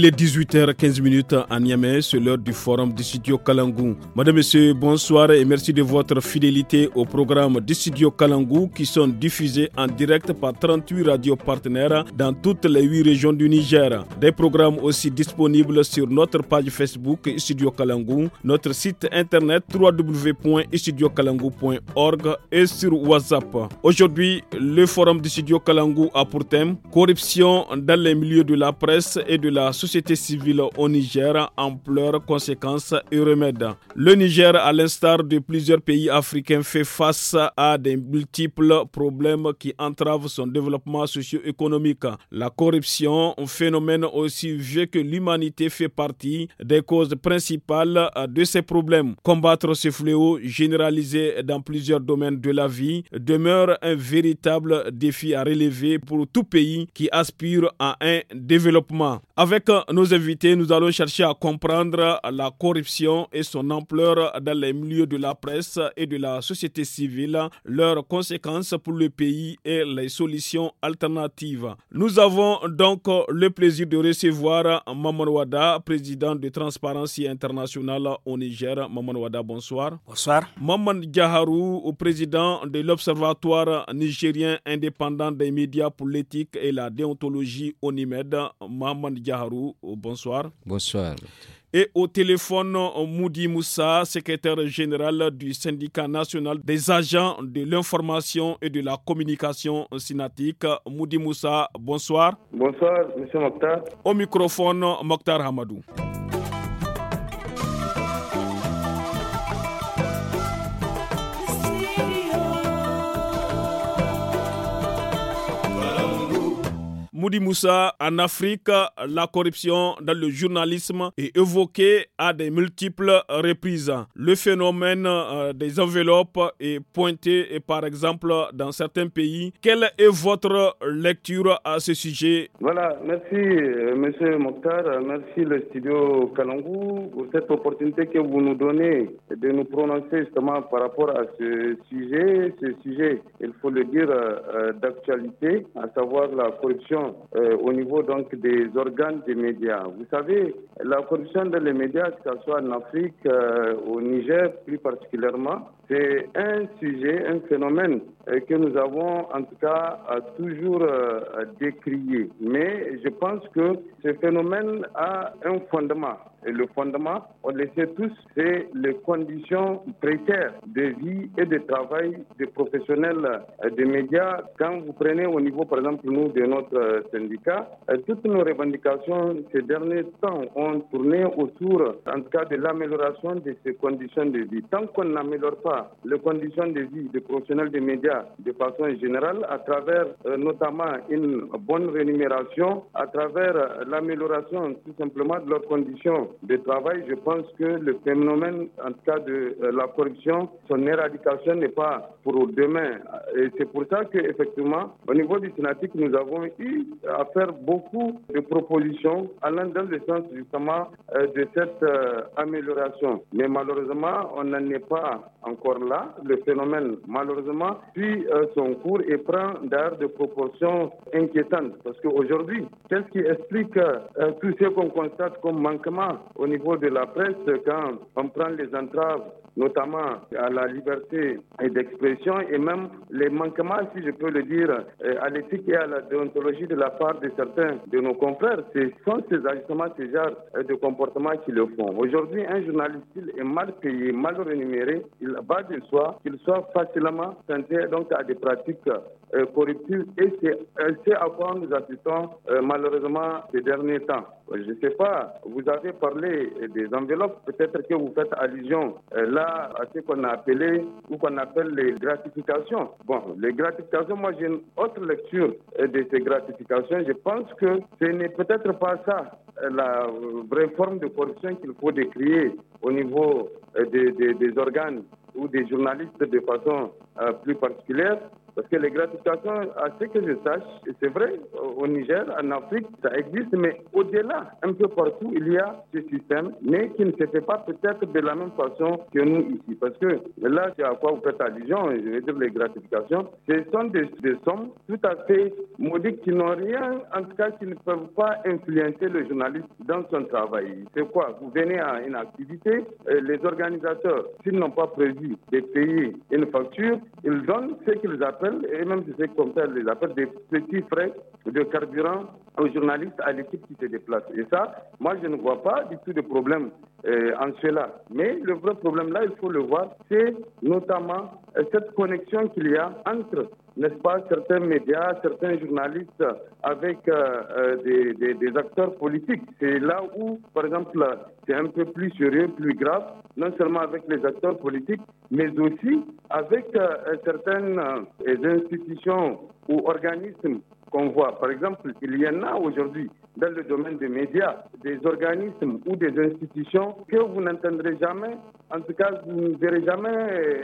Il est 18h15 à Niamey, c'est l'heure du forum du studio Kalangou. et Messieurs, bonsoir et merci de votre fidélité au programme du studio Kalangou qui sont diffusés en direct par 38 radios partenaires dans toutes les 8 régions du Niger. Des programmes aussi disponibles sur notre page Facebook Studio Kalangou, notre site internet www.studiokalangou.org et sur WhatsApp. Aujourd'hui, le forum du studio Kalangou a pour thème corruption dans les milieux de la presse et de la société société civile au Niger pleurs, conséquences et remèdes. Le Niger, à l'instar de plusieurs pays africains, fait face à des multiples problèmes qui entravent son développement socio-économique. La corruption, un phénomène aussi vieux que l'humanité, fait partie des causes principales de ces problèmes. Combattre ce fléau généralisé dans plusieurs domaines de la vie demeure un véritable défi à relever pour tout pays qui aspire à un développement. Avec nos invités, nous allons chercher à comprendre la corruption et son ampleur dans les milieux de la presse et de la société civile, leurs conséquences pour le pays et les solutions alternatives. Nous avons donc le plaisir de recevoir Maman Wada, président de Transparency International au Niger. Maman Wada, bonsoir. Bonsoir. Maman Djaharou, président de l'Observatoire nigérien indépendant des médias pour l'éthique et la déontologie au NIMED. Maman Djaharou, bonsoir. Bonsoir. Et au téléphone, Moudi Moussa, secrétaire général du syndicat national des agents de l'information et de la communication synatique. Moudi Moussa, bonsoir. Bonsoir, monsieur Mokhtar. Au microphone, Mokhtar Hamadou. Moudi Moussa, en Afrique, la corruption dans le journalisme est évoquée à des multiples reprises. Le phénomène euh, des enveloppes est pointé, par exemple, dans certains pays. Quelle est votre lecture à ce sujet Voilà, merci euh, M. Mokhtar, merci le studio Kalangou pour cette opportunité que vous nous donnez de nous prononcer justement par rapport à ce sujet, ce sujet, il faut le dire, euh, d'actualité, à savoir la corruption euh, au niveau donc des organes des médias. Vous savez, la corruption des médias, que ce soit en Afrique, euh, au Niger plus particulièrement, c'est un sujet, un phénomène euh, que nous avons en tout cas euh, toujours euh, décrié. Mais je pense que ce phénomène a un fondement. Et le fondement, on le sait tous, c'est les conditions précaires de vie et de travail des professionnels des médias. Quand vous prenez au niveau, par exemple, nous, de notre syndicat, toutes nos revendications ces derniers temps ont tourné autour, en tout cas, de l'amélioration de ces conditions de vie. Tant qu'on n'améliore pas les conditions de vie des professionnels des médias, de façon générale à travers euh, notamment une bonne rémunération, à travers euh, l'amélioration tout simplement de leurs conditions de travail. Je pense que le phénomène, en tout cas de euh, la corruption, son éradication n'est pas pour demain. Et c'est pour ça qu'effectivement, au niveau du Sénatique, nous avons eu à faire beaucoup de propositions allant dans le sens justement de cette amélioration. Mais malheureusement, on n'en est pas encore là. Le phénomène, malheureusement, euh, son cours et prend d'ailleurs de proportions inquiétantes. Parce qu'aujourd'hui, qu'est-ce qui explique euh, euh, tout ce qu'on constate comme manquement au niveau de la presse quand on prend les entraves notamment à la liberté d'expression et même les manquements, si je peux le dire, à l'éthique et à la déontologie de la part de certains de nos confrères. Ce sont ces ajustements, ces genres de comportement qui le font. Aujourd'hui, un journaliste, il est mal payé, mal rémunéré, il va de soi qu'il soit facilement tenté donc à des pratiques euh, corruptives et euh, c'est à quoi nous assistons euh, malheureusement ces derniers temps. Je ne sais pas, vous avez parlé des enveloppes, peut-être que vous faites allusion là à ce qu'on a appelé ou qu'on appelle les gratifications. Bon, les gratifications, moi j'ai une autre lecture de ces gratifications. Je pense que ce n'est peut-être pas ça la vraie forme de corruption qu'il faut décrire au niveau des, des organes ou des journalistes de façon euh, plus particulière, parce que les gratifications, à ce que je sache, c'est vrai, au Niger, en Afrique, ça existe, mais au-delà, un peu partout, il y a ce système, mais qui ne se fait pas peut-être de la même façon que nous ici. Parce que là, c'est à quoi vous faites allusion, je veux dire les gratifications, ce sont des, sommes tout à fait modiques qui n'ont rien, en tout cas, qui ne peuvent pas influencer le journaliste dans son travail. C'est quoi Vous venez à une activité, euh, les organisateurs, s'ils n'ont pas prévu de payer une facture, ils donnent ce qu'ils appellent et même si c'est comme ça, les appels des petits frais de carburant aux journalistes, à l'équipe qui se déplace. Et ça, moi, je ne vois pas du tout de problème euh, en cela. Mais le vrai problème là, il faut le voir, c'est notamment euh, cette connexion qu'il y a entre n'est-ce pas, certains médias, certains journalistes avec euh, euh, des, acteurs politiques. C'est là où, par exemple, c'est un peu plus sérieux, plus grave, non seulement avec les acteurs politiques, mais aussi avec euh, certaines institutions ou organismes qu'on voit. Par exemple, il y en a aujourd'hui dans le domaine des médias, des organismes ou des institutions que vous n'entendrez jamais. En tout cas, vous ne verrez jamais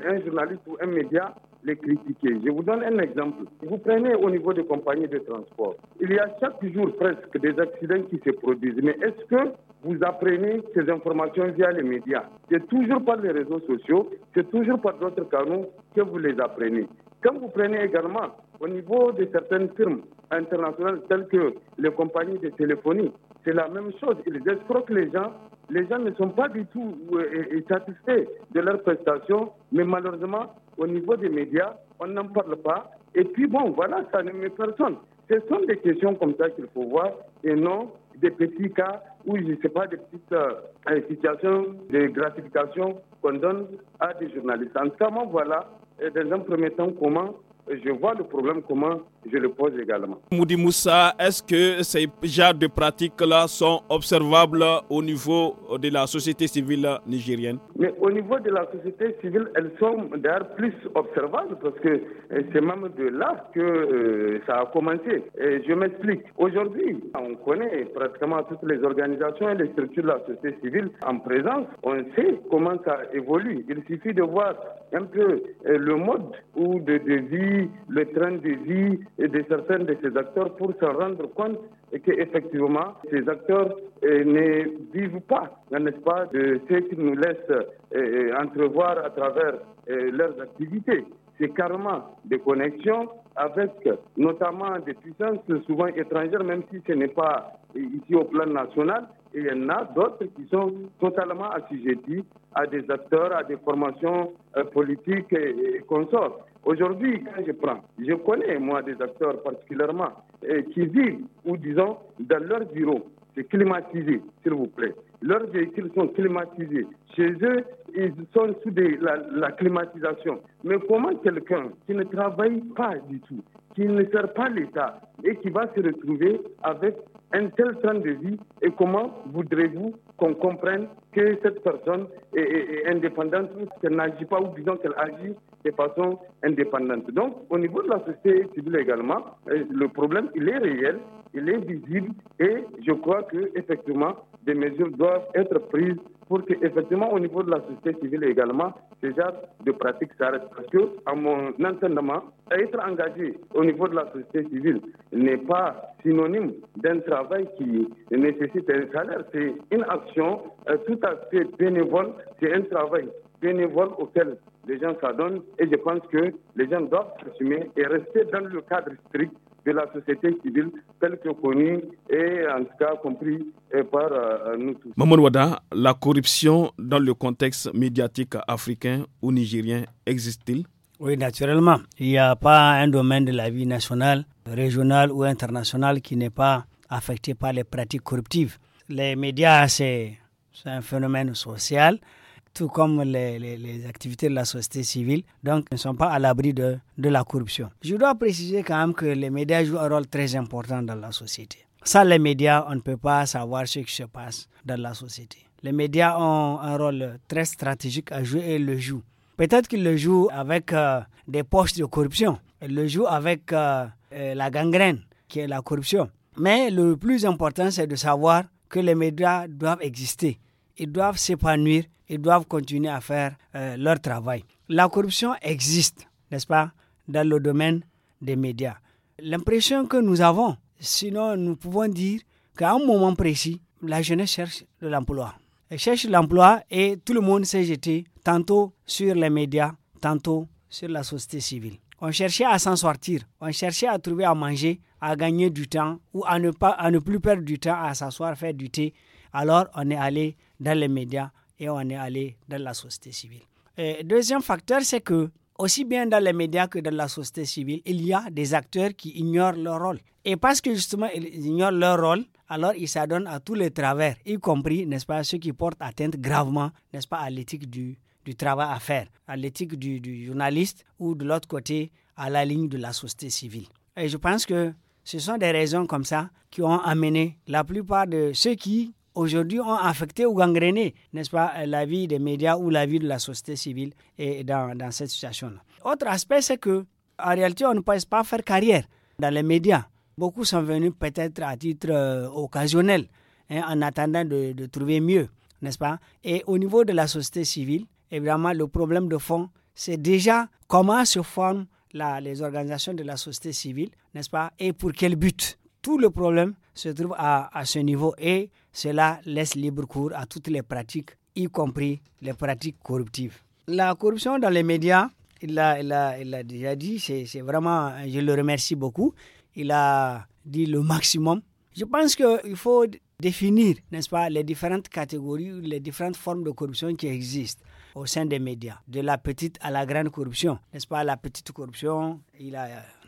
un journaliste ou un média les critiquer. Je vous donne un exemple. Vous prenez au niveau des compagnies de transport. Il y a chaque jour presque des accidents qui se produisent. Mais est-ce que vous apprenez ces informations via les médias C'est toujours par les réseaux sociaux, c'est toujours par d'autres canaux que vous les apprenez. Quand vous prenez également au niveau de certaines firmes internationales telles que les compagnies de téléphonie, c'est la même chose. Ils escroquent les gens les gens ne sont pas du tout euh, satisfaits de leurs prestations, mais malheureusement, au niveau des médias, on n'en parle pas. Et puis bon, voilà, ça ne met personne. Ce sont des questions comme ça qu'il faut voir et non des petits cas où je ne sais pas, des petites situations euh, de gratification qu'on donne à des journalistes. En tout cas, moi, voilà, dans un premier temps, comment je vois le problème, comment je le pose également. Moudi Moussa, est-ce que ces genres de pratiques-là sont observables au niveau de la société civile nigérienne Mais au niveau de la société civile, elles sont d'ailleurs plus observables parce que euh, c'est même de là que euh, ça a commencé. Et je m'explique. Aujourd'hui, on connaît pratiquement toutes les organisations et les structures de la société civile en présence. On sait comment ça évolue. Il suffit de voir un peu euh, le mode ou de, de vie, le train de vie et de certains de ces acteurs pour se rendre compte qu'effectivement, ces acteurs euh, ne vivent pas, n'est-ce pas, de ce qu'ils nous laissent euh, euh, entrevoir à travers leurs activités. C'est carrément des connexions avec notamment des puissances souvent étrangères, même si ce n'est pas ici au plan national. Et il y en a d'autres qui sont totalement assujettis à des acteurs, à des formations politiques et, et consorts. Aujourd'hui, quand je prends, je connais moi des acteurs particulièrement euh, qui vivent, ou disons, dans leur bureau. C'est climatisé, s'il vous plaît. Leurs véhicules sont climatisés. Chez eux, ils sont sous la, climatisation. Mais comment quelqu'un qui ne travaille pas du tout, qui ne sert pas l'État et qui va se retrouver avec un tel train de vie et comment voudrez-vous qu'on comprenne que cette personne est, indépendante, est indépendante, qu'elle n'agit pas ou disons qu'elle agit de façon indépendante. Donc, au niveau de la société civile également, euh, le problème, il est réel, il est visible et je crois que effectivement, des mesures doivent être prises pour que, effectivement, au niveau de la société civile également, ces de pratiques s'arrêtent. Parce que, à mon entendement, être engagé au niveau de la société civile n'est pas synonyme d'un travail qui nécessite un salaire. C'est une action euh, tout à fait bénévole, c'est un travail bénévole auquel les gens s'adonnent et je pense que les gens doivent s'assumer et rester dans le cadre strict de la société civile telle que connue et en tout cas compris euh, par euh, nous tous. Maman Wada, la corruption dans le contexte médiatique africain ou nigérien existe-t-il Oui, naturellement. Il n'y a pas un domaine de la vie nationale, régionale ou internationale qui n'est pas affecté par les pratiques corruptives. Les médias, c'est un phénomène social tout comme les, les, activités de la société civile, donc ne sont pas à l'abri de, de la corruption. Je dois préciser quand même que les médias jouent un rôle très important dans la société. Sans les médias, on ne peut pas savoir ce qui se passe dans la société. Les médias ont un rôle très stratégique à jouer et le jouent. Peut-être qu'ils le jouent avec euh, des poches de corruption, ils le jouent avec euh, euh, la gangrène qui est la corruption. Mais le plus important, c'est de savoir que les médias doivent exister ils doivent s'épanouir, ils doivent continuer à faire euh, leur travail. La corruption existe, n'est-ce pas, dans le domaine des médias. L'impression que nous avons, sinon nous pouvons dire qu'à un moment précis, la jeunesse cherche de l'emploi. Elle cherche l'emploi et tout le monde s'est jeté tantôt sur les médias, tantôt sur la société civile. On cherchait à s'en sortir, on cherchait à trouver à manger, à gagner du temps ou à ne, pas, à ne plus perdre du temps à s'asseoir, faire du thé alors, on est allé dans les médias et on est allé dans la société civile. deuxième facteur, c'est que aussi bien dans les médias que dans la société civile, il y a des acteurs qui ignorent leur rôle. Et parce que justement, ils ignorent leur rôle, alors ils s'adonnent à tous les travers, y compris, n'est-ce pas, ceux qui portent atteinte gravement, n'est-ce pas, à l'éthique du, du, travail à faire, à l'éthique du, du, journaliste ou de l'autre côté, à la ligne de la société civile. Et je pense que ce sont des raisons comme ça qui ont amené la plupart de ceux qui aujourd'hui ont affecté ou gangréné, n'est-ce pas, euh, la vie des médias ou la vie de la société civile et dans, cette situation-là. Autre aspect, c'est que en réalité, on ne peut pas faire carrière dans les médias. Beaucoup sont venus peut-être à titre euh, occasionnel, hein, en attendant de, trouver mieux, n'est-ce pas Et au niveau de la société civile, évidemment, le problème de fond, c'est déjà comment se forment les organisations de la société civile, n'est-ce pas Et pour quel but tout le problème se trouve à, ce niveau et cela laisse libre cours à toutes les pratiques, y compris les pratiques corruptives. La corruption dans les médias, il l'a déjà dit, c'est vraiment, je le remercie beaucoup, il a dit le maximum. Je pense qu'il faut définir, n'est-ce pas, les différentes catégories, les différentes formes de corruption qui existent au sein des médias, de la petite à la grande corruption, n'est-ce pas, la petite corruption, il a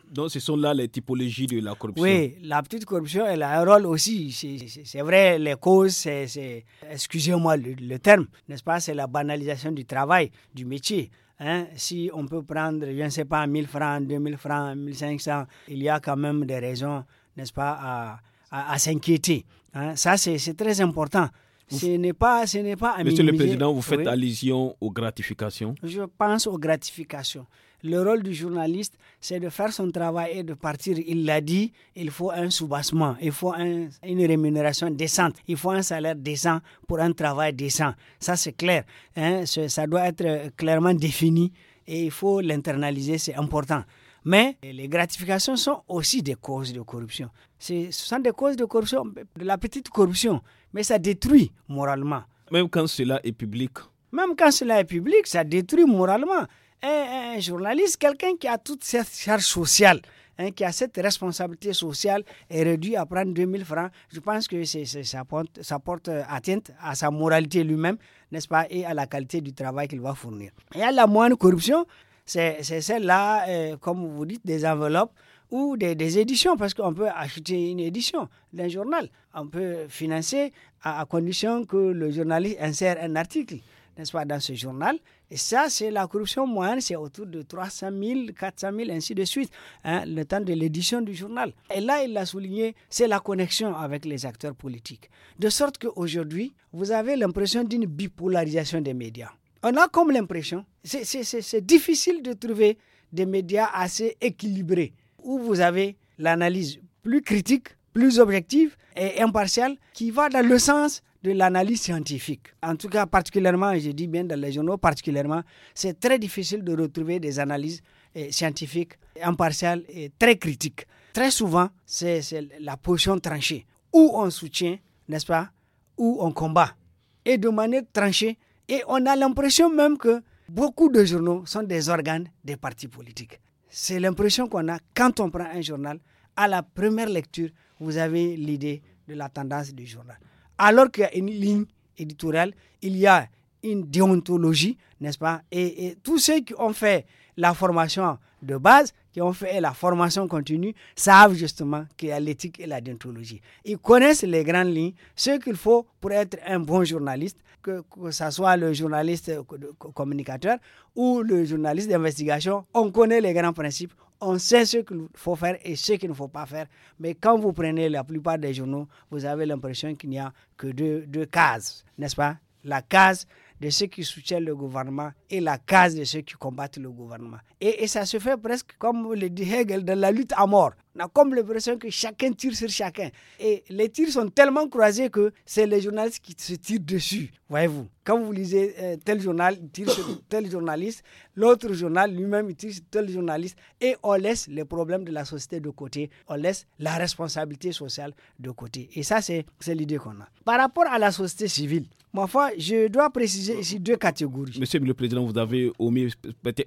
donc, ce sont là les typologies de la corruption. Oui, la petite corruption, elle a un rôle aussi. C'est vrai, les causes, c'est, excusez-moi le, terme, n'est-ce pas, c'est la banalisation du travail, du métier. Hein? Si on peut prendre, je ne sais pas, 1000 francs, 2000 francs, 1500, il y a quand même des raisons, n'est-ce pas, à, s'inquiéter. Hein? Ça, c'est très important. Ce n'est pas, ce n'est pas. Monsieur le Président, vous faites allusion aux gratifications. Je pense aux gratifications. Le rôle du journaliste, c'est de faire son travail et de partir. Il l'a dit, il faut un soubassement, il faut une rémunération décente, il faut un salaire décent pour un travail décent. Ça, c'est clair. Hein. Ça doit être clairement défini et il faut l'internaliser, c'est important. Mais les gratifications sont aussi des causes de corruption. Ce sont des causes de corruption, de la petite corruption, mais ça détruit moralement. Même quand cela est public. Même quand cela est public, ça détruit moralement un, eh, eh, eh, journaliste, quelqu'un qui a toute cette charge sociale, hein, qui a cette responsabilité sociale, est réduit à prendre 2000 francs. Je pense que ça, porte, porte euh, atteinte à sa moralité lui-même, n'est-ce pas, et à la qualité du travail qu'il va fournir. Et à la moindre corruption, c'est celle-là, euh, comme vous dites, des enveloppes ou des, éditions, parce qu'on peut acheter une édition d'un journal. On peut financer à condition que le journaliste insère un article, n'est-ce pas, dans ce journal et ça, c'est la corruption moyenne, c'est autour de 300 000, 400 000, ainsi de suite, hein, le temps de l'édition du journal. Et là, il l'a souligné, c'est la connexion avec les acteurs politiques. De sorte qu'aujourd'hui, vous avez l'impression d'une bipolarisation des médias. On a comme l'impression, c'est difficile de trouver des médias assez équilibrés, où vous avez l'analyse plus critique, plus objective et impartiale, qui va dans le sens de l'analyse scientifique. En tout cas, particulièrement, je dis bien dans les journaux, particulièrement, c'est très difficile de retrouver des analyses eh, scientifiques impartiales et très critiques. Très souvent, c'est la position tranchée, où on soutient, n'est-ce pas, où on combat, et de manière tranchée. Et on a l'impression même que beaucoup de journaux sont des organes des partis politiques. C'est l'impression qu'on a quand on prend un journal. À la première lecture, vous avez l'idée de la tendance du journal alors qu'il y a une ligne éditoriale, il y a une déontologie, n'est-ce pas et, tous ceux qui ont fait la formation de base, qui ont fait la formation continue, savent justement qu'il y a l'éthique et la déontologie. Ils connaissent les grandes lignes, ce qu'il faut pour être un bon journaliste, que, que ce soit le journaliste communicateur ou le journaliste d'investigation. On connaît les grands principes, on sait ce qu'il faut faire et ce qu'il ne faut pas faire. Mais quand vous prenez la plupart des journaux, vous avez l'impression qu'il n'y a que deux, cases, n'est-ce pas La case de ceux qui soutiennent le gouvernement et la case de ceux qui combattent le gouvernement. Et, ça se fait presque comme le dit Hegel dans la lutte à mort. On a comme l'impression que chacun tire sur chacun. Et les tirs sont tellement croisés que c'est les journalistes qui se tirent dessus. Voyez-vous, quand vous lisez euh, tel journal, il tire sur tel journaliste, l'autre journal lui-même, il tire sur tel journaliste, et on laisse les problèmes de la société de côté, on laisse la responsabilité sociale de côté. Et ça, c'est l'idée qu'on a. Par rapport à la société civile, Ma foi, je dois préciser ici deux catégories. Monsieur le Président, vous avez omis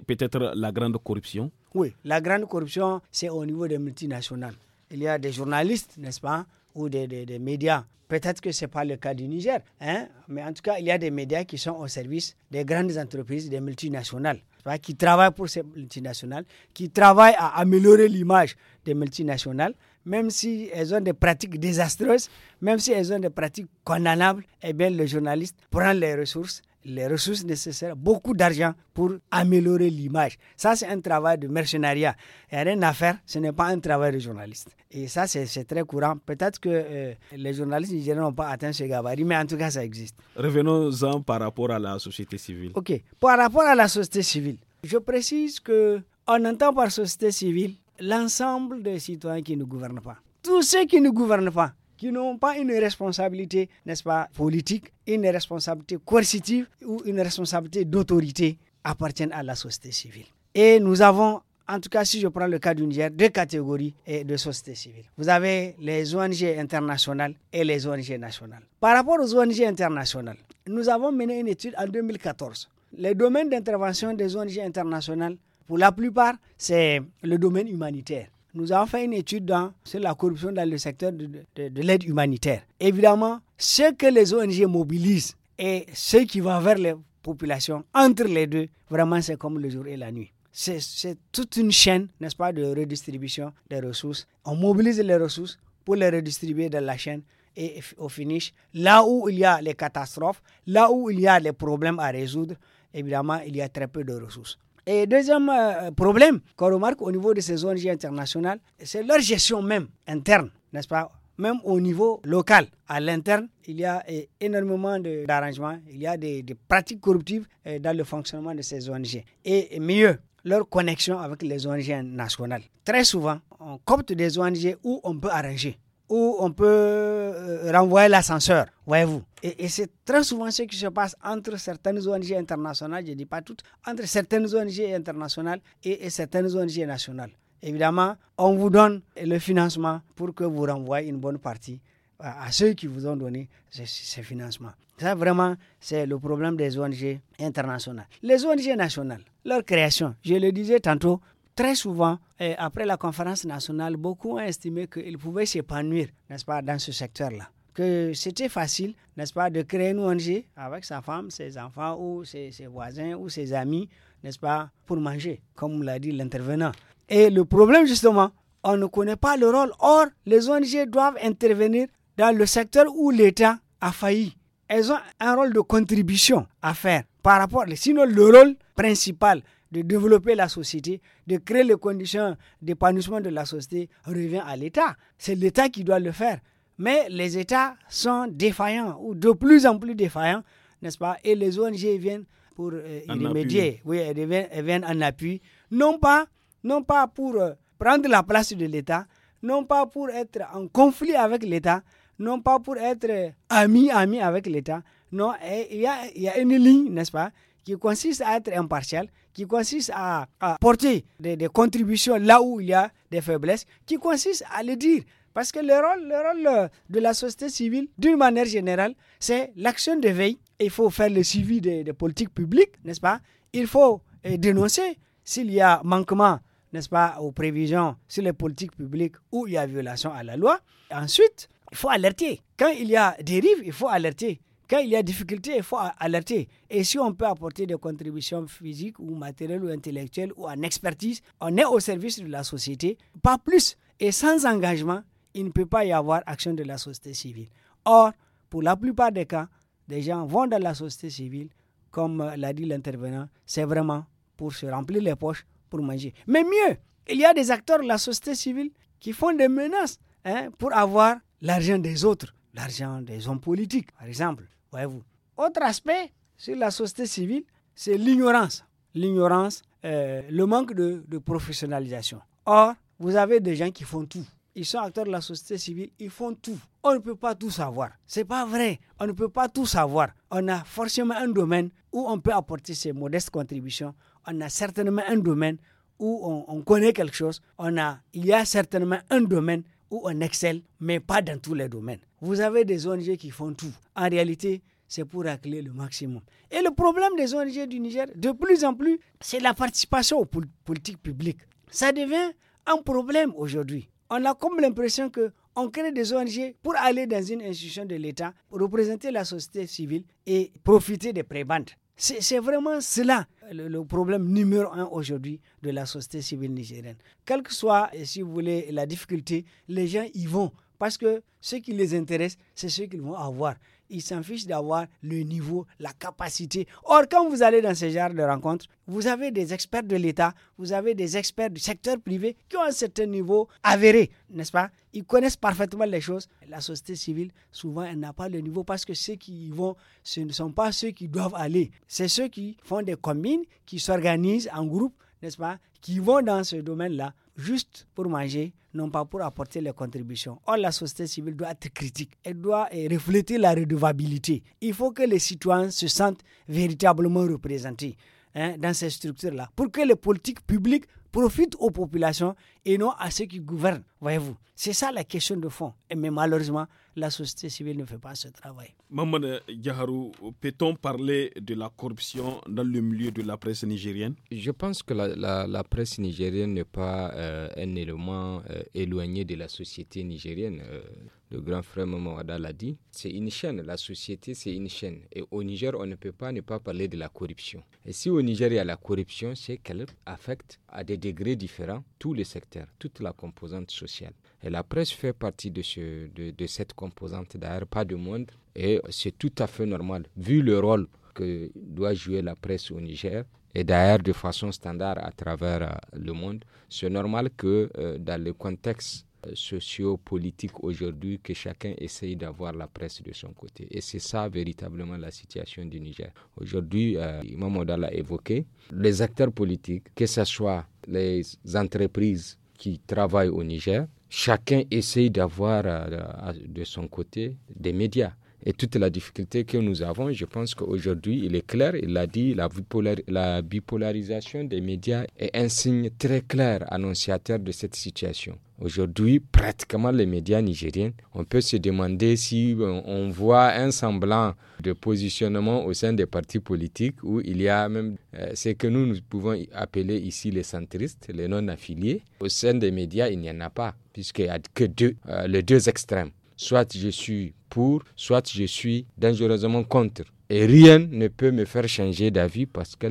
peut-être la grande corruption. Oui, la grande corruption, c'est au niveau des multinationales. Il y a des journalistes, n'est-ce pas, ou des, médias. Peut-être que ce n'est pas le cas du Niger, hein, mais en tout cas, il y a des médias qui sont au service des grandes entreprises, des multinationales, qui travaillent pour ces multinationales, qui travaillent à améliorer l'image des multinationales même si elles ont des pratiques désastreuses, même si elles ont des pratiques condamnables, eh bien, le journaliste prend les ressources les ressources nécessaires, beaucoup d'argent pour améliorer l'image. Ça, c'est un travail de mercenariat. Il n'y a rien à faire, ce n'est pas un travail de journaliste. Et ça, c'est très courant. Peut-être que euh, les journalistes n'ont pas atteint ce gabarit, mais en tout cas, ça existe. Revenons-en par rapport à la société civile. OK. Par rapport à la société civile, je précise que on entend par société civile l'ensemble des citoyens qui ne gouvernent pas. Tous ceux qui ne gouvernent pas, qui n'ont pas une responsabilité, n'est-ce pas, politique, une responsabilité coercitive ou une responsabilité d'autorité, appartiennent à la société civile. Et nous avons, en tout cas si je prends le cas du Niger, deux catégories de société civile. Vous avez les ONG internationales et les ONG nationales. Par rapport aux ONG internationales, nous avons mené une étude en 2014. Les domaines d'intervention des ONG internationales pour la plupart, c'est le domaine humanitaire. Nous avons fait une étude dans, sur la corruption dans le secteur de, de l'aide humanitaire. Évidemment, ce que les ONG mobilisent et ce qui va vers les populations, entre les deux, vraiment, c'est comme le jour et la nuit. C'est toute une chaîne, n'est-ce pas, de redistribution des ressources. On mobilise les ressources pour les redistribuer dans la chaîne et au finish, là où il y a les catastrophes, là où il y a les problèmes à résoudre, évidemment, il y a très peu de ressources. Et deuxième euh, problème qu'on remarque au niveau de ces ONG internationales, c'est leur gestion même interne, n'est-ce pas même au niveau local, à l'interne, il y a euh, énormément d'arrangements, il y a des, des, pratiques corruptives euh, dans le fonctionnement de ces ONG. Et mieux, leur connexion avec les ONG nationales. Très souvent, on compte des ONG où on peut arranger où on peut euh, renvoyer l'ascenseur, voyez-vous. Et, c'est très souvent ce qui se passe entre certaines ONG internationales, je ne dis pas toutes, entre certaines ONG internationales et, certaines ONG nationales. Évidemment, on vous donne le financement pour que vous renvoyez une bonne partie à ceux qui vous ont donné ces, ce financements. Ça, vraiment, c'est le problème des ONG internationales. Les ONG nationales, leur création, je le disais tantôt, très souvent, après la conférence nationale, beaucoup ont estimé qu'ils pouvaient s'épanouir, n'est-ce pas, dans ce secteur-là. Que c'était facile, n'est-ce pas, de créer une ONG avec sa femme, ses enfants ou ses, ses voisins ou ses amis, n'est-ce pas, pour manger, comme l'a dit l'intervenant. Et le problème, justement, on ne connaît pas le rôle. Or, les ONG doivent intervenir dans le secteur où l'État a failli. Elles ont un rôle de contribution à faire par rapport, sinon le rôle principal de développer la société, de créer les conditions d'épanouissement de la société revient à l'État. C'est l'État qui doit le faire. Mais les États sont défaillants ou de plus en plus défaillants, n'est-ce pas Et les ONG viennent pour euh, y remédier. Oui, elles viennent, en appui. Non pas, non pas pour euh, prendre la place de l'État, non pas pour être en conflit avec l'État, non pas pour être euh, ami, ami avec l'État. Non, il y, a, il y a une ligne, n'est-ce pas, qui consiste à être impartial, qui consiste à, porter des, contributions là où il y a des faiblesses, qui consiste à le dire. Parce que le rôle, le rôle euh, de la société civile, d'une manière générale, c'est l'action de veille. Il faut faire le suivi des, des politiques publiques, n'est-ce pas Il faut euh, dénoncer s'il y a manquement, n'est-ce pas, aux prévisions sur les politiques publiques ou il y a violation à la loi. Ensuite, il faut alerter. Quand il y a dérive, il faut alerter. Quand il y a difficulté, il faut alerter. Et si on peut apporter des contributions physiques ou matérielles ou intellectuelles ou en expertise, on est au service de la société, pas plus. Et sans engagement, il ne peut pas y avoir action de la société civile. Or, pour la plupart des cas, des gens vont dans la société civile, comme euh, l'a dit l'intervenant, c'est vraiment pour se remplir les poches, pour manger. Mais mieux, il y a des acteurs de la société civile qui font des menaces hein, pour avoir l'argent des autres, l'argent des hommes politiques, par exemple, Voyez-vous. Autre aspect sur la société civile, c'est l'ignorance. L'ignorance, euh, le manque de, professionnalisation. Or, vous avez des gens qui font tout. Ils sont acteurs de la société civile, ils font tout. On ne peut pas tout savoir. C'est pas vrai. On ne peut pas tout savoir. On a forcément un domaine où on peut apporter ses modestes contributions. On a certainement un domaine où on, on connaît quelque chose. On a, il y a certainement un domaine ou en Excel, mais pas dans tous les domaines. Vous avez des ONG qui font tout. En réalité, c'est pour racler le maximum. Et le problème des ONG du Niger, de plus en plus, c'est la participation aux politiques publiques. Ça devient un problème aujourd'hui. On a comme l'impression que on crée des ONG pour aller dans une institution de l'État, représenter la société civile et profiter des prébendes. C'est vraiment cela le, problème numéro un aujourd'hui de la société civile nigérienne. Quelle que soit, si vous voulez, la difficulté, les gens y vont parce que ce qui les intéresse, c'est ce qu'ils vont avoir ils s'en fichent d'avoir le niveau, la capacité. Or, quand vous allez dans ces genres de rencontres, vous avez des experts de l'État, vous avez des experts du secteur privé qui ont un certain niveau avéré, n'est-ce pas Ils connaissent parfaitement les choses. La société civile, souvent, elle n'a pas le niveau parce que ceux qui y vont, ce ne sont pas ceux qui doivent aller. C'est ceux qui font des communes, qui s'organisent en groupe, n'est-ce pas Qui vont dans ce domaine-là juste pour manger, non pas pour apporter les contributions. Or, la société civile doit être critique. Elle doit euh, refléter la redevabilité. Il faut que les citoyens se sentent véritablement représentés hein, dans ces structures-là pour que les politiques publiques profitent aux populations et non à ceux qui gouvernent, voyez-vous. C'est ça la question de fond. mais malheureusement, la société civile ne fait pas ce travail. Maman Yaharou, euh, peut-on parler de la corruption dans le milieu de la presse nigérienne Je pense que la, presse nigérienne n'est pas euh, un élément euh, éloigné de la société nigérienne. le grand frère Maman Ada l'a dit, c'est une chaîne, la société c'est une chaîne. Et au Niger, on ne peut pas ne pas parler de la corruption. Et si au Niger il y a la corruption, c'est qu'elle affecte à des degrés différents tous les secteurs toute la composante sociale. Et la presse fait partie de, ce, de, cette composante, d'ailleurs, pas du monde. Et c'est tout à fait normal, vu le rôle que doit jouer la presse au Niger, et d'ailleurs de façon standard à travers euh, le monde, c'est normal que euh, dans le contexte euh, sociopolitique aujourd'hui que chacun essaye d'avoir la presse de son côté. Et c'est ça véritablement la situation du Niger. Aujourd'hui, euh, Imam l'a évoqué, les acteurs politiques, que ce soit les entreprises qui travaillent au Niger, chacun essaye d'avoir euh, de son côté des médias. Et toute la difficulté que nous avons, je pense qu'aujourd'hui, il est clair, il l'a dit, la, la, bipolarisation des médias est un signe très clair annonciateur de cette situation. Aujourd'hui, pratiquement les médias nigériens, on peut se demander si euh, on voit un semblant de positionnement au sein des partis politiques où il y a même euh, ce que nous, nous pouvons appeler ici les centristes, les non-affiliés. Au sein des médias, il n'y en a pas, puisqu'il n'y a que deux, euh, les deux extrêmes. Soit je suis pour, soit je suis dangereusement contre. Et rien ne peut me faire changer d'avis parce que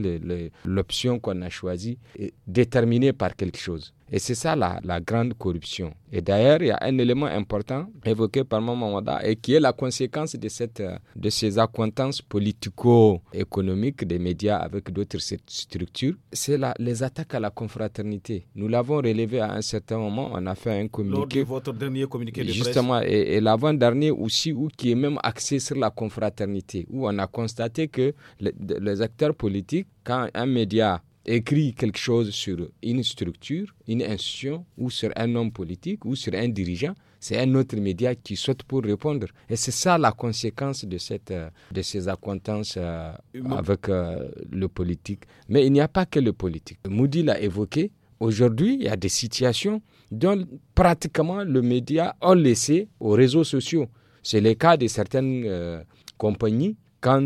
l'option qu'on a choisie est déterminée par quelque chose. Et c'est ça la, grande corruption. Et d'ailleurs, il y a un élément important évoqué par Mada et qui est la conséquence de, cette, de ces acquaintances politico-économiques des médias avec d'autres structures. C'est les attaques à la confraternité. Nous l'avons relevé à un certain moment. On a fait un communiqué. Lors votre dernier communiqué de Justement, et, et l'avant-dernier aussi, où, qui est même axé sur la confraternité, où on a constaté que les, les acteurs politiques, quand un média écrit quelque chose sur une structure, une institution, ou sur un homme politique, ou sur un dirigeant, c'est un autre média qui souhaite pour répondre. Et c'est ça la conséquence de, cette, euh, de ces acquaintances euh, avec euh, le politique. Mais il n'y a pas que le politique. Moody l'a évoqué, aujourd'hui, il y a des situations dont pratiquement le média a laissé aux réseaux sociaux. C'est le cas de certaines compagnies. Quand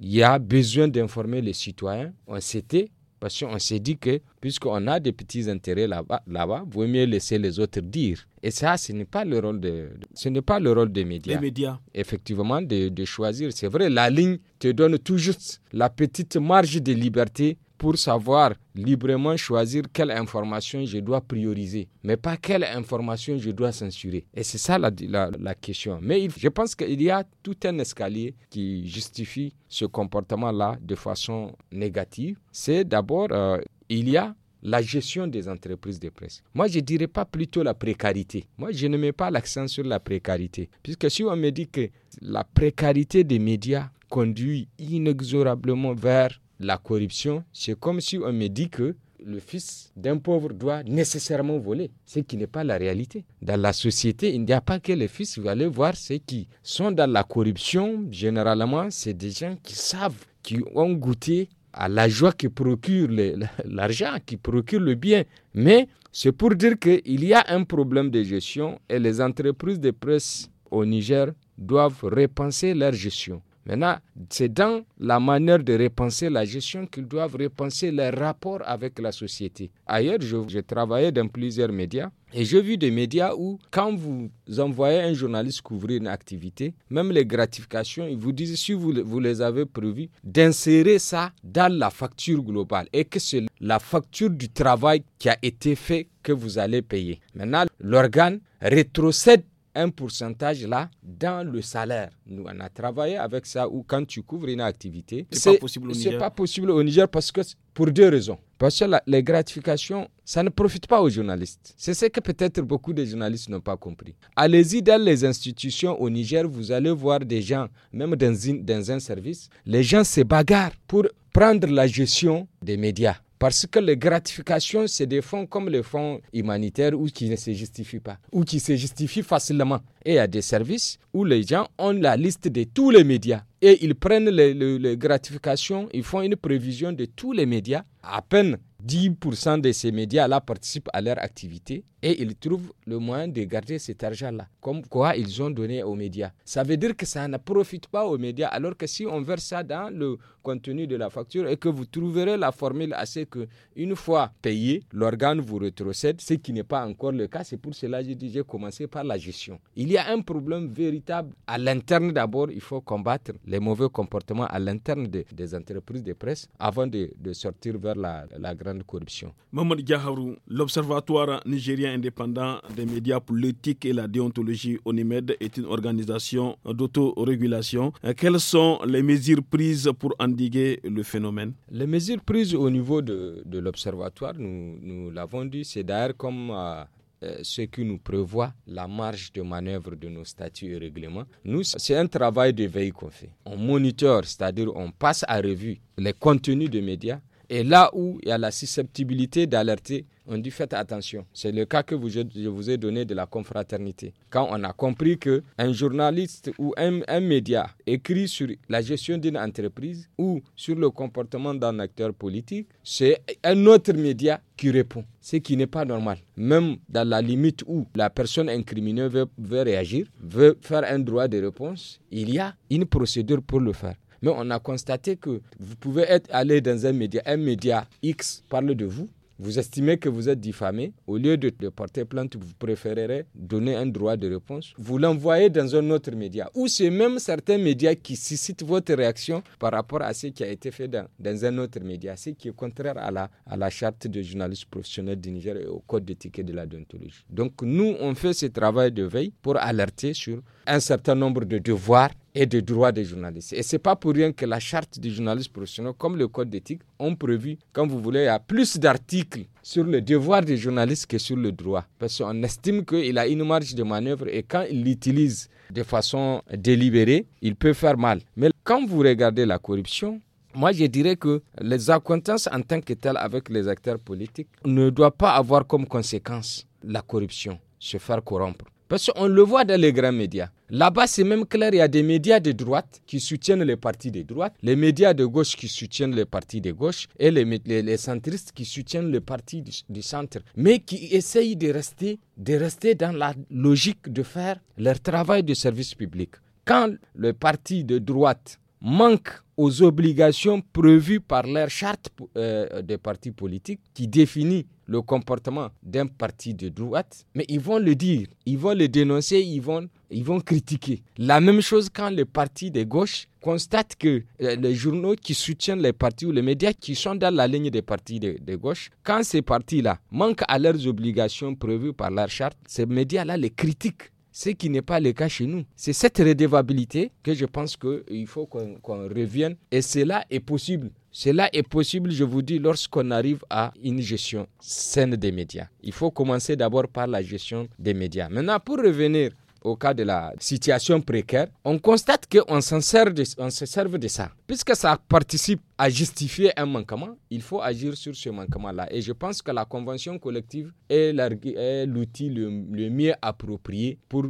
il y a besoin d'informer les citoyens, on s'était parce qu'on s'est dit que, puisqu'on a des petits intérêts là-bas, là-bas, vaut mieux laisser les autres dire. Et ça, ce n'est pas le rôle de, ce n'est pas le rôle des médias. Les médias. Effectivement, de, de choisir. C'est vrai, la ligne te donne tout juste la petite marge de liberté pour savoir librement choisir quelle information je dois prioriser, mais pas quelle information je dois censurer. Et c'est ça la, la, question. Mais je pense qu'il y a tout un escalier qui justifie ce comportement-là de façon négative. C'est d'abord, euh, il y a la gestion des entreprises de presse. Moi, je ne dirais pas plutôt la précarité. Moi, je ne mets pas l'accent sur la précarité. Puisque si on me dit que la précarité des médias conduit inexorablement vers la corruption, c'est comme si on me dit que le fils d'un pauvre doit nécessairement voler, ce qui n'est pas la réalité. Dans la société, il n'y a pas que les fils. Vous allez voir ceux qui sont dans la corruption, généralement, c'est des gens qui savent, qui ont goûté à la joie qui procure l'argent, qui procure le bien. Mais c'est pour dire qu'il y a un problème de gestion et les entreprises de presse au Niger doivent repenser leur gestion. Maintenant, c'est dans la manière de repenser la gestion qu'ils doivent repenser les rapports avec la société. Ailleurs, je, je dans plusieurs médias et j'ai vu des médias où, quand vous envoyez un journaliste couvrir une activité, même les gratifications, ils vous disent, si vous, vous les avez prévues, d'insérer ça dans la facture globale et que c'est la facture du travail qui a été fait que vous allez payer. Maintenant, l'organe rétrocède un pourcentage là dans le salaire. Nous, on a travaillé avec ça ou quand tu couvres une activité, c'est pas possible au Niger. C'est pas possible au Niger parce que pour deux raisons. Parce que les gratifications, ça ne profite pas aux journalistes. C'est ce que peut-être beaucoup de journalistes n'ont pas compris. Allez-y dans les institutions au Niger, vous allez voir des gens, même dans, dans un service, les gens se bagarrent pour prendre la gestion des médias. Parce que les gratifications, c'est des fonds comme les fonds humanitaires ou qui ne se justifient pas, ou qui se justifient facilement. Et il y a des services où les gens ont la liste de tous les médias et ils prennent les, les gratifications, ils font une prévision de tous les médias. À peine 10% de ces médias-là participent à leur activité et ils trouvent le moyen de garder cet argent-là, comme quoi ils ont donné aux médias. Ça veut dire que ça ne profite pas aux médias, alors que si on verse ça dans le contenu de la facture et que vous trouverez la formule à ce que une fois payé, l'organe vous retrocède, ce qui n'est pas encore le cas. C'est pour cela que j'ai commencé par la gestion. Il y a un problème véritable à l'interne d'abord. Il faut combattre les mauvais comportements à l'interne des entreprises de presse avant de, sortir vers la grande grande corruption. Mamadou Diaharou, l'Observatoire nigérien indépendant des médias pour l'éthique et la déontologie ONIMED est une organisation d'autorégulation. Quelles sont les mesures prises pour endiguer le phénomène Les mesures prises au niveau de, l'Observatoire, nous, nous l'avons dit, c'est d'ailleurs comme... Euh, euh, ce que nous prévoit la marge de manœuvre de nos statuts et règlements. Nous, c'est un travail de veille qu'on fait. On moniteur, c'est-à-dire on passe à revue les contenus de médias, et là où il y a la susceptibilité d'alerter, on dit faites attention. C'est le cas que vous, je vous ai donné de la confraternité. Quand on a compris qu'un journaliste ou un, média écrit sur la gestion d'une entreprise ou sur le comportement d'un acteur politique, c'est un autre média qui répond, ce qui n'est pas normal. Même dans la limite où la personne incriminée veut réagir, veut faire un droit de réponse, il y a une procédure pour le faire. Mais on a constaté que vous pouvez être allé dans un média, un média X parle de vous, vous estimez que vous êtes diffamé, au lieu de, porter plainte, vous préférerez donner un droit de réponse, vous l'envoyez dans un autre média, ou c'est même certains médias qui suscitent votre réaction par rapport à ce qui a été fait dans, un autre média, ce qui est contraire à la, à la charte de journalistes professionnels du Niger et au code d'éthique de la dentologie. Donc nous, on fait ce travail de veille pour alerter sur un certain nombre de devoirs et des droits des journalistes. Et ce n'est pas pour rien que la charte des journalistes professionnels, comme le code d'éthique, ont prévu, comme vous voulez, il y a plus d'articles sur le devoir des journalistes que sur le droit. Parce qu'on estime qu'il a une marge de manœuvre et quand il l'utilise de façon délibérée, il peut faire mal. Mais quand vous regardez la corruption, moi, je dirais que les acquaintances en tant que telles avec les acteurs politiques ne doivent pas avoir comme conséquence la corruption, se faire corrompre. Parce qu'on le voit dans les grands médias. Là-bas, c'est même clair, il y a des médias de droite qui soutiennent les partis de droite, les médias de gauche qui soutiennent les partis de gauche et les, les, centristes qui soutiennent les partis du, du, centre, mais qui essayent de rester, de rester dans la logique de faire leur travail de service public. Quand le parti de droite manquent aux obligations prévues par leur charte euh, des partis politiques qui définit le comportement d'un parti de droite, mais ils vont le dire, ils vont le dénoncer, ils vont, ils vont critiquer. La même chose quand les partis de gauche constatent que euh, les journaux qui soutiennent les partis ou les médias qui sont dans la ligne des partis de, de gauche, quand ces partis-là manquent à leurs obligations prévues par leur charte, ces médias-là les critiquent ce qui n'est pas le cas chez nous. C'est cette redevabilité que je pense qu'il faut qu'on revienne. Et cela est possible. Cela est possible, je vous dis, lorsqu'on arrive à une gestion saine des médias. Il faut commencer d'abord par la gestion des médias. Maintenant, pour revenir au cas de la situation précaire, on constate qu'on s'en sert de, on se sert de ça. Puisque ça participe à justifier un manquement, il faut agir sur ce manquement-là. Et je pense que la convention collective est l'outil le mieux approprié pour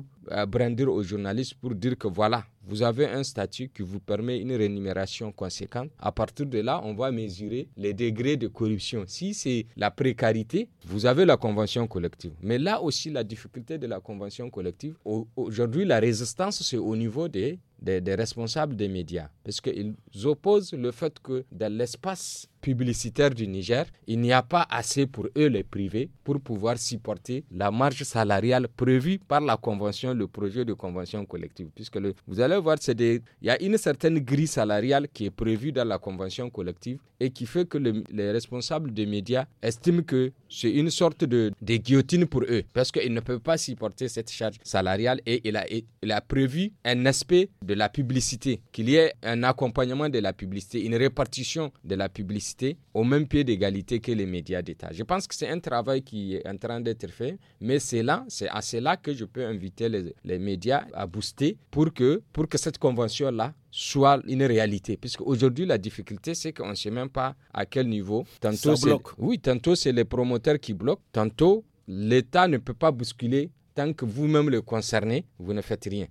brandir aux journalistes pour dire que voilà, vous avez un statut qui vous permet une rémunération conséquente. À partir de là, on va mesurer les degrés de corruption. Si c'est la précarité, vous avez la convention collective. Mais là aussi, la difficulté de la convention collective, aujourd'hui, la résistance, c'est au niveau des, des, des responsables des médias. Parce qu'ils opposent le fait que dans l'espace publicitaires du Niger, il n'y a pas assez pour eux les privés pour pouvoir supporter la marge salariale prévue par la convention, le projet de convention collective. Puisque vous allez voir, des, il y a une certaine grille salariale qui est prévue dans la convention collective et qui fait que les responsables des médias estiment que c'est une sorte de, de, guillotine pour eux parce qu'ils ne peuvent pas supporter cette charge salariale et il a, il a prévu un aspect de la publicité, qu'il y ait un accompagnement de la publicité, une répartition de la publicité au même pied d'égalité que les médias d'État. Je pense que c'est un travail qui est en train d'être fait, mais c'est là, c'est à cela que je peux inviter les, médias à booster pour que, pour que cette convention-là soit une réalité. Puisque aujourd'hui, la difficulté, c'est qu'on ne sait même pas à quel niveau. Tantôt, Ça bloque. Oui, tantôt, c'est les promoteurs qui bloquent. Tantôt, l'État ne peut pas bousculer tant que vous-même le concernez, vous ne faites rien.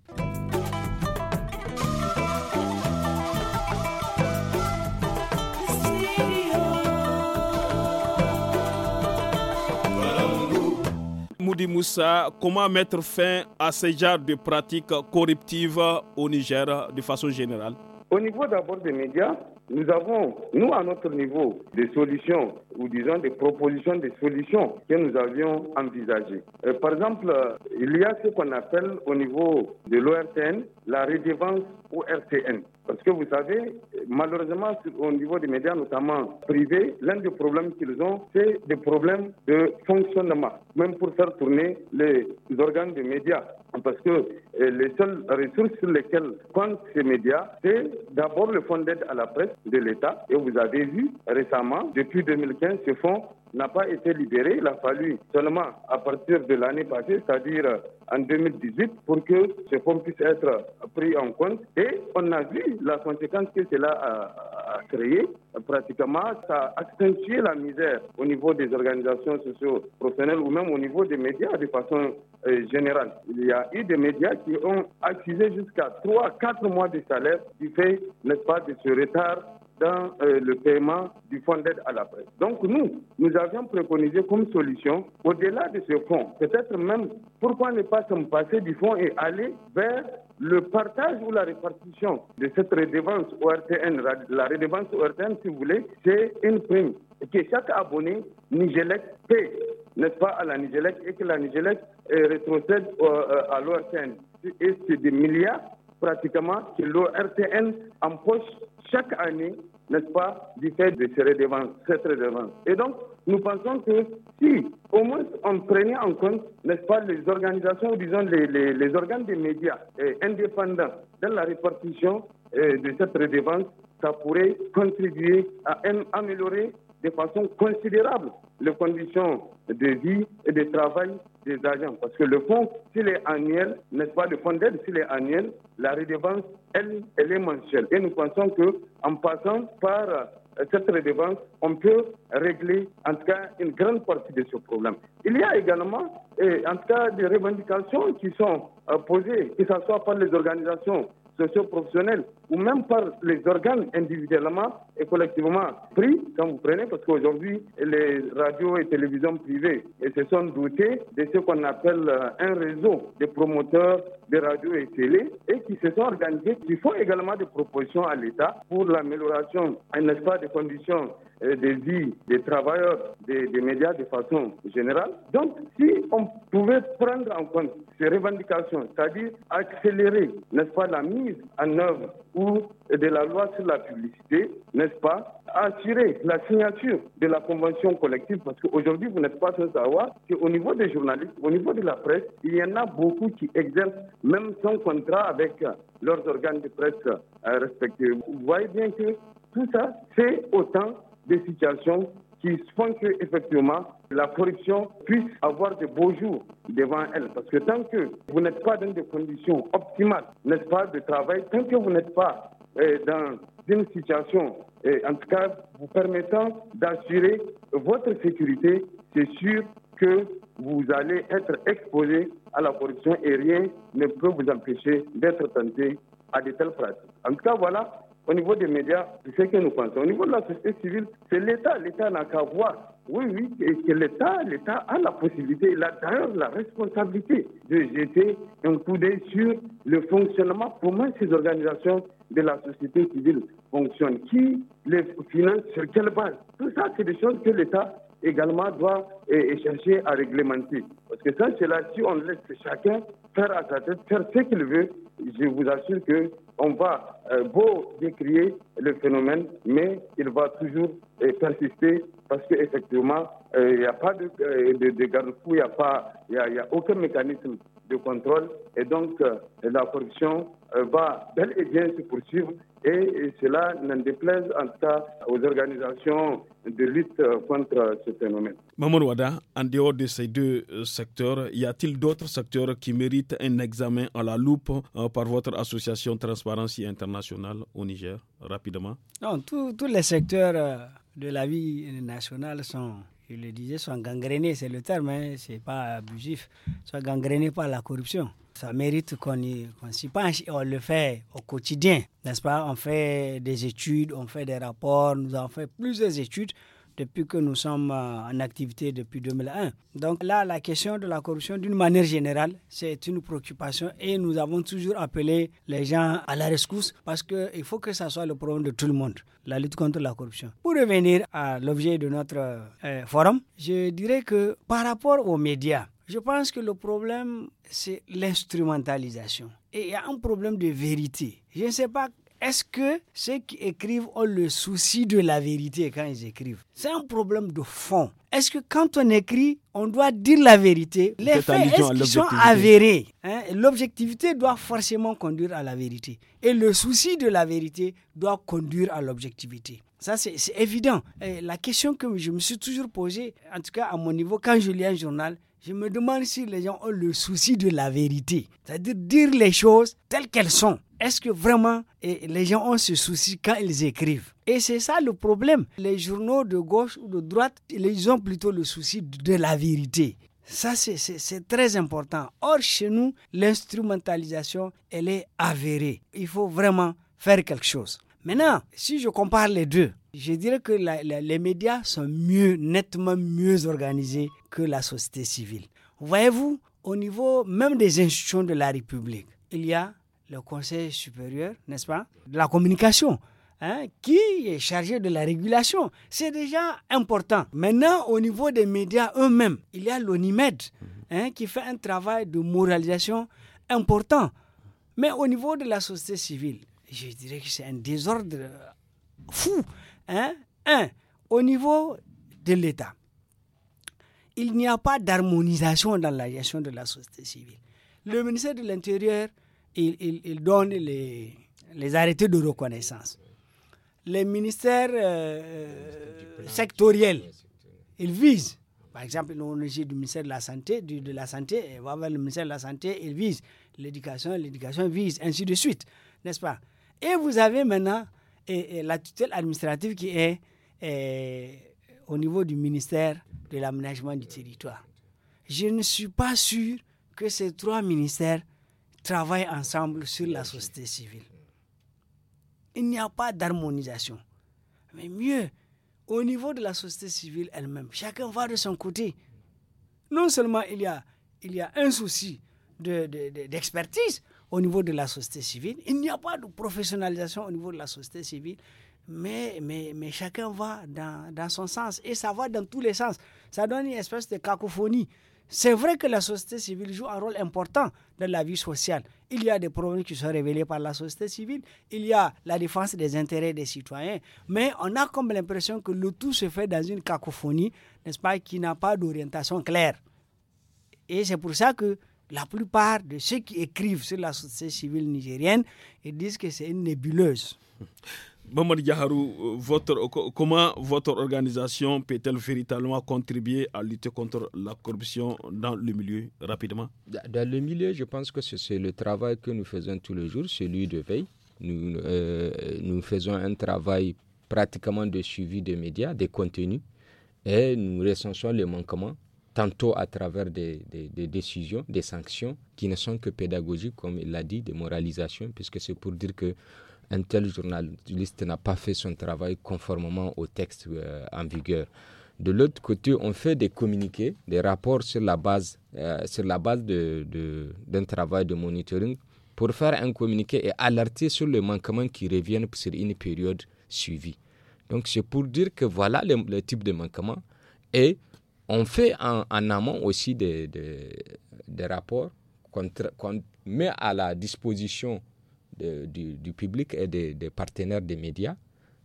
Moussa, comment mettre fin à ce genre de pratiques corruptives au Niger de façon générale Au niveau d'abord des médias, nous avons, nous à notre niveau, des solutions ou disons des propositions de solutions que nous avions envisagées. Euh, par exemple, euh, il y a ce qu'on appelle au niveau de l'ORTN la redevance RTN. Parce que vous savez, malheureusement, au niveau des médias, notamment privés, l'un des problèmes qu'ils ont, c'est des problèmes de fonctionnement, même pour faire tourner les organes de médias. Parce que euh, les seules ressources sur lesquelles comptent ces médias, c'est d'abord le fonds d'aide à la presse de l'État. Et vous avez vu récemment, depuis 2015, ce fonds n'a pas été libéré. Il a fallu seulement à partir de l'année passée, c'est-à-dire en 2018, pour que ce fonds puisse être pris en compte. Et on a vu la conséquence que cela a, créé. Pratiquement, ça a accentué la misère au niveau des organisations socio-professionnelles ou même au niveau des médias de façon euh, générale. Il y a eu des médias qui ont accusé jusqu'à 3-4 mois de salaire du fait, n'est-ce pas, de ce retard dans euh, le paiement du fonds d'aide à la presse. Donc nous, nous avions préconisé comme solution, au-delà de ce fonds, peut-être même pourquoi ne pas se passer du fonds et aller vers le partage ou la répartition de cette redevance ORTN, la redevance ORTN, si vous voulez, c'est une prime que chaque abonné Nigelec paie, n'est-ce pas, à la Nigelec et que la Nigelec euh, rétrocède euh, à l'ORTN. Et c'est des milliards pratiquement que l'ORTN empoche chaque année, n'est-ce pas, du fait de ces très cette redevance. Et donc, nous pensons que si au moins on prenait en compte, n'est-ce pas, les organisations, disons les, organes des médias indépendants dans la répartition euh, de cette redevance, ça pourrait contribuer à améliorer de façon considérable les conditions de vie et de travail des agents. Parce que le fonds, s'il est annuel, n'est-ce pas, le fonds d'aide, s'il est annuel, la redevance, elle, elle est mensuelle. Et nous pensons qu'en passant par euh, cette redevance, on peut régler en tout cas une grande partie de ce problème. Il y a également euh, en tout cas des revendications qui sont euh, posées, que ce soit par les organisations socioprofessionnelles ou même par les organes individuellement et collectivement pris, quand vous prenez, parce qu'aujourd'hui, les radios et télévisions privées et se sont dotées de ce qu'on appelle euh, un réseau de promoteurs de radios et télé et qui se sont organisés, qui font également des propositions à l'État pour l'amélioration, n'est-ce pas, des conditions euh, de vie des travailleurs des, des médias de façon générale. Donc, si on pouvait prendre en compte ces revendications, c'est-à-dire accélérer, n'est-ce pas, la mise en œuvre ou de la loi sur la publicité, n'est-ce pas, assurer la signature de la convention collective, parce qu'aujourd'hui, vous n'êtes pas sans savoir qu'au niveau des journalistes, au niveau de la presse, il y en a beaucoup qui exercent même sans contrat avec leurs organes de presse euh, respectifs. Vous voyez bien que tout ça, c'est autant de situations qui font que, effectivement, la corruption puisse avoir de beaux jours devant elle. Parce que tant que vous n'êtes pas dans des conditions optimales, n'est-ce pas, de travail, tant que vous n'êtes pas euh, dans une situation, euh, en tout cas, vous permettant d'assurer votre sécurité, c'est sûr que vous allez être exposé à la corruption et rien ne peut vous empêcher d'être tenté à de telles pratiques. En tout cas, voilà au niveau des médias, c'est ce que nous pensons. Au niveau de la société civile, c'est l'État. L'État n'a qu'à voir. Oui, oui, que l'État, l'État a la possibilité, il d'ailleurs la responsabilité de jeter un coup d'œil sur le fonctionnement, comment ces organisations de la société civile fonctionnent, qui les finance, sur quelle base. Tout ça, c'est des choses que l'État également doit euh, chercher à réglementer. Parce que ça, c'est là si on laisse chacun faire à sa tête, faire ce qu'il veut, je vous assure que on va euh, beau décrier le phénomène, mais il va toujours euh, persister parce qu'effectivement, euh, il n'y a pas de, garde-fou, il n'y a, a aucun mécanisme de contrôle. Et donc, la corruption va bel et bien se poursuivre et cela n'en déplaise en tout cas aux organisations de lutte euh, contre ce phénomène. Mamoun Wada, en dehors de ces deux euh, secteurs, y a-t-il d'autres secteurs qui méritent un examen à la loupe euh, par votre association Transparency International au Niger, rapidement Non, tous les secteurs de la vie nationale sont je le disais, sont gangrénés, c'est le terme, ce hein, c'est pas abusif, sont gangrénés par la corruption ça mérite qu'on y s'y penche et on le fait au quotidien, n'est-ce pas On fait des études, on fait des rapports, nous avons fait plusieurs études depuis que nous sommes euh, en activité depuis 2001. Donc là, la question de la corruption, d'une manière générale, c'est une préoccupation et nous avons toujours appelé les gens à la rescousse parce qu'il faut que ça soit le problème de tout le monde, la lutte contre la corruption. Pour revenir à l'objet de notre euh, forum, je dirais que par rapport aux médias, je pense que le problème, c'est l'instrumentalisation. Et il y a un problème de vérité. Je ne sais pas est-ce que ceux qui écrivent ont le souci de la vérité quand ils écrivent C'est un problème de fond. Est-ce que quand on écrit, on doit dire la vérité Les faits, est sont avérés hein? L'objectivité doit forcément conduire à la vérité. Et le souci de la vérité doit conduire à l'objectivité. Ça, c'est évident. la question que je me suis toujours posée, en tout cas à mon niveau, quand je lis un journal, je me demande si les gens ont le souci de la vérité, c'est-à-dire dire les choses telles qu'elles sont. Est-ce que vraiment eh, les gens ont ce souci quand ils écrivent Et c'est ça le problème. Les journaux de gauche ou de droite, ils ont plutôt le souci de la vérité. Ça, c'est très important. Or, chez nous, l'instrumentalisation, elle est avérée. Il faut vraiment faire quelque chose. Maintenant, si je compare les deux, je dirais que les médias sont mieux, nettement mieux organisés que la société civile. Voyez-vous, au niveau même des institutions de la République, il y a le Conseil supérieur, n'est-ce pas, de la communication, hein, qui est chargé de la régulation. C'est déjà important. Maintenant, au niveau des médias eux-mêmes, il y a l'ONIMED, hein, qui fait un travail de moralisation important. Mais au niveau de la société civile, je dirais que c'est un désordre fou hein, un, au niveau de l'État, il n'y a pas d'harmonisation dans la gestion de la société civile. Le ministère de l'Intérieur, il, il, donne les, les, arrêtés de reconnaissance. Les ministères euh, euh, sectoriels, ils visent. Par exemple, on du ministère de la Santé, de la Santé, va le ministère de la Santé, il vise l'éducation, l'éducation vise, ainsi de suite, n'est-ce pas Et vous avez maintenant et, la tutelle administrative qui est, euh, au niveau du ministère de l'aménagement du territoire. Je ne suis pas sûr que ces trois ministères travaillent ensemble sur la société civile. Il n'y a pas d'harmonisation. Mais mieux, au niveau de la société civile elle-même, chacun va de son côté. Non seulement il y a, il y a un souci d'expertise, au niveau de la société civile. Il n'y a pas de professionnalisation au niveau de la société civile, mais, mais, mais chacun va dans, dans, son sens et ça va dans tous les sens. Ça donne une espèce de cacophonie. C'est vrai que la société civile joue un rôle important dans la vie sociale. Il y a des problèmes qui sont révélés par la société civile, il y a la défense des intérêts des citoyens, mais on a comme l'impression que le tout se fait dans une cacophonie, n'est-ce pas, qui n'a pas d'orientation claire. Et c'est pour ça que la plupart de ceux qui écrivent sur la société civile nigérienne, disent que c'est une nébuleuse. Mamadou Diaharou, euh, euh, comment votre organisation peut-elle véritablement contribuer à lutter contre la corruption dans le milieu rapidement Dans le milieu, je pense que c'est le travail que nous faisons tous les jours, celui de veille. Nous, euh, nous faisons un travail pratiquement de suivi des médias, des contenus, et nous recensons les manquements tantôt à travers des, décisions, des sanctions qui ne sont que pédagogiques, comme il l'a dit, des moralisations, puisque c'est pour dire que un tel journaliste n'a pas fait son travail conformément au texte euh, en vigueur. De l'autre côté, on fait des communiqués, des rapports sur la base, euh, sur la base d'un travail de monitoring pour faire un communiqué et alerter sur les manquements qui reviennent sur une période suivie. Donc c'est pour dire que voilà le, le type de manquement et on fait en, amont aussi des, des, rapports qu'on met à la disposition du, public et des, partenaires des médias.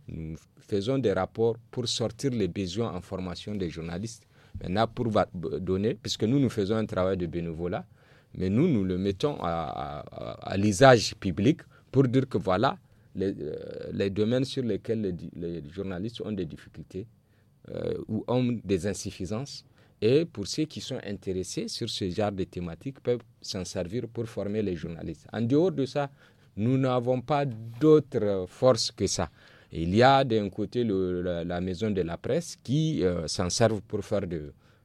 Nous faisons des rapports pour sortir les besoins en formation des journalistes. Maintenant, pour donner, puisque nous, nous faisons un travail de bénévolat, mais nous, nous le mettons à, l'usage public pour dire que voilà les, euh, domaines sur lesquels les journalistes ont des difficultés euh, ou hommes des insuffisances. Et pour ceux qui sont intéressés sur ce genre de thématiques, peuvent s'en servir pour former les journalistes. En dehors de ça, nous n'avons pas d'autre force que ça. Il y a d'un côté la, maison de la presse qui euh, s'en servent pour faire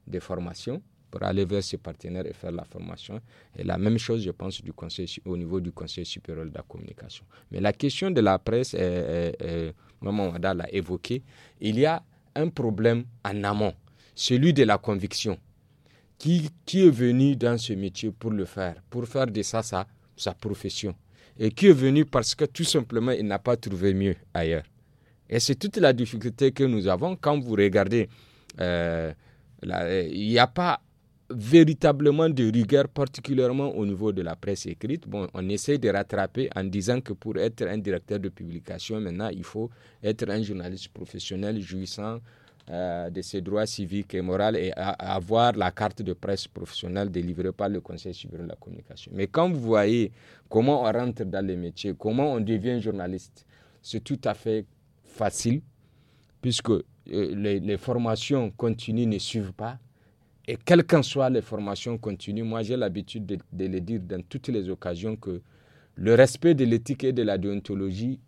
des formations, pour aller vers ses partenaires et faire la formation. Et la même chose, je pense, du conseil, au niveau du Conseil supérieur de la communication. Mais la question de la presse, est, Maman Wada l'a évoquée, il y a un problème en amont, celui de la conviction. Qui, est venu dans ce métier pour le faire, pour faire de ça sa, profession Et qui est venu parce que tout simplement, il n'a pas trouvé mieux ailleurs. Et c'est toute la difficulté que nous avons quand vous regardez. Euh, il n'y a pas véritablement de rigueur, particulièrement au niveau de la presse écrite. Bon, on essaie de rattraper en disant que pour être un directeur de publication, maintenant, il faut être un journaliste professionnel jouissant euh, de ses droits civiques et moraux et avoir la carte de presse professionnelle délivrée par le Conseil supérieur de la communication. Mais quand vous voyez comment on rentre dans les métiers, comment on devient journaliste, c'est tout à fait facile puisque euh, les, les formations continues ne suivent pas et quelles qu'en soient les formations continues, moi j'ai l'habitude de, le dire dans toutes les occasions que le respect de l'éthique et de la déontologie,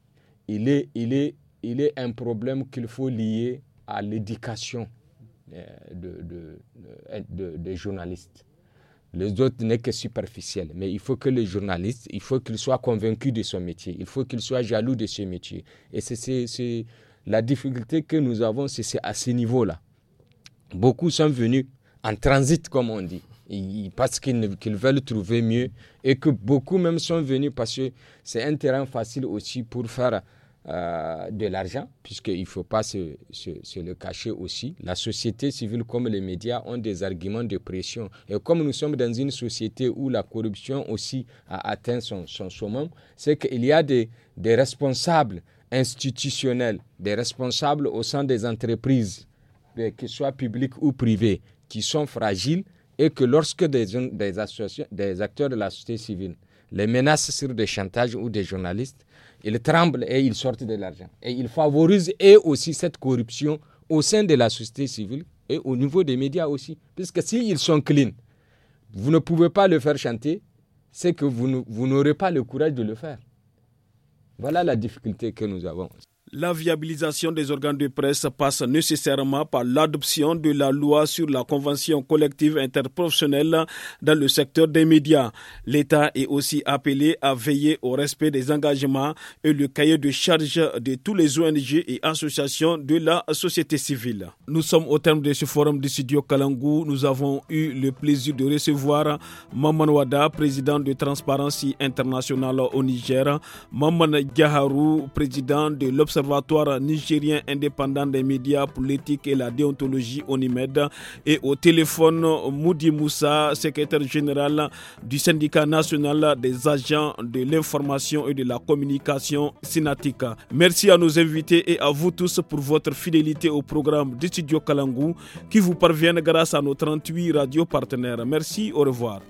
il est, il est, il est un problème qu'il faut lier à l'éducation euh, de, de, des journalistes. Les autres n'est que superficiel, mais il faut que les journalistes, il faut qu'ils soient convaincus de son métier, il faut qu'ils soient jaloux de ce métier. Et c'est la difficulté que nous avons, c'est à ce niveau-là. Beaucoup sont venus en transit, comme on dit, parce qu'ils veulent trouver mieux et que beaucoup même sont venus parce que c'est un terrain facile aussi pour faire euh, de l'argent, puisqu'il ne faut pas se, le cacher aussi. La société civile comme les médias ont des arguments de pression. Et comme nous sommes dans une société où la corruption aussi a atteint son, sommet, c'est qu'il y a des, des responsables institutionnels, des responsables au sein des entreprises, euh, qu'ils soient publics ou privés, qui sont fragiles et que lorsque des, des, des acteurs de la société civile les menacent sur des chantages ou des journalistes, ils tremblent et ils sortent de l'argent. Et ils favorisent et aussi cette corruption au sein de la société civile et au niveau des médias aussi. Puisque s'ils sont clean, vous ne pouvez pas le faire chanter, c'est que vous n'aurez pas le courage de le faire. Voilà la difficulté que nous avons. La viabilisation des organes de presse passe nécessairement par l'adoption de la loi sur la convention collective interprofessionnelle dans le secteur des médias. L'État est aussi appelé à veiller au respect des engagements et le cahier de charge de tous les ONG et associations de la société civile. Nous sommes au terme de ce forum du studio Kalangou. Nous avons eu le plaisir de recevoir Maman Wada, président de Transparency International au Niger, Maman Gaharu, président de l'Observatoire nigérien indépendant des médias pour l'éthique et la déontologie ONIMED et au téléphone Moudi Moussa, secrétaire général du syndicat national des agents de l'information et de la communication Sinatica. Merci à nos invités et à vous tous pour votre fidélité au programme du studio Kalangou qui vous parvient grâce à nos 38 radios partenaires. Merci, au revoir.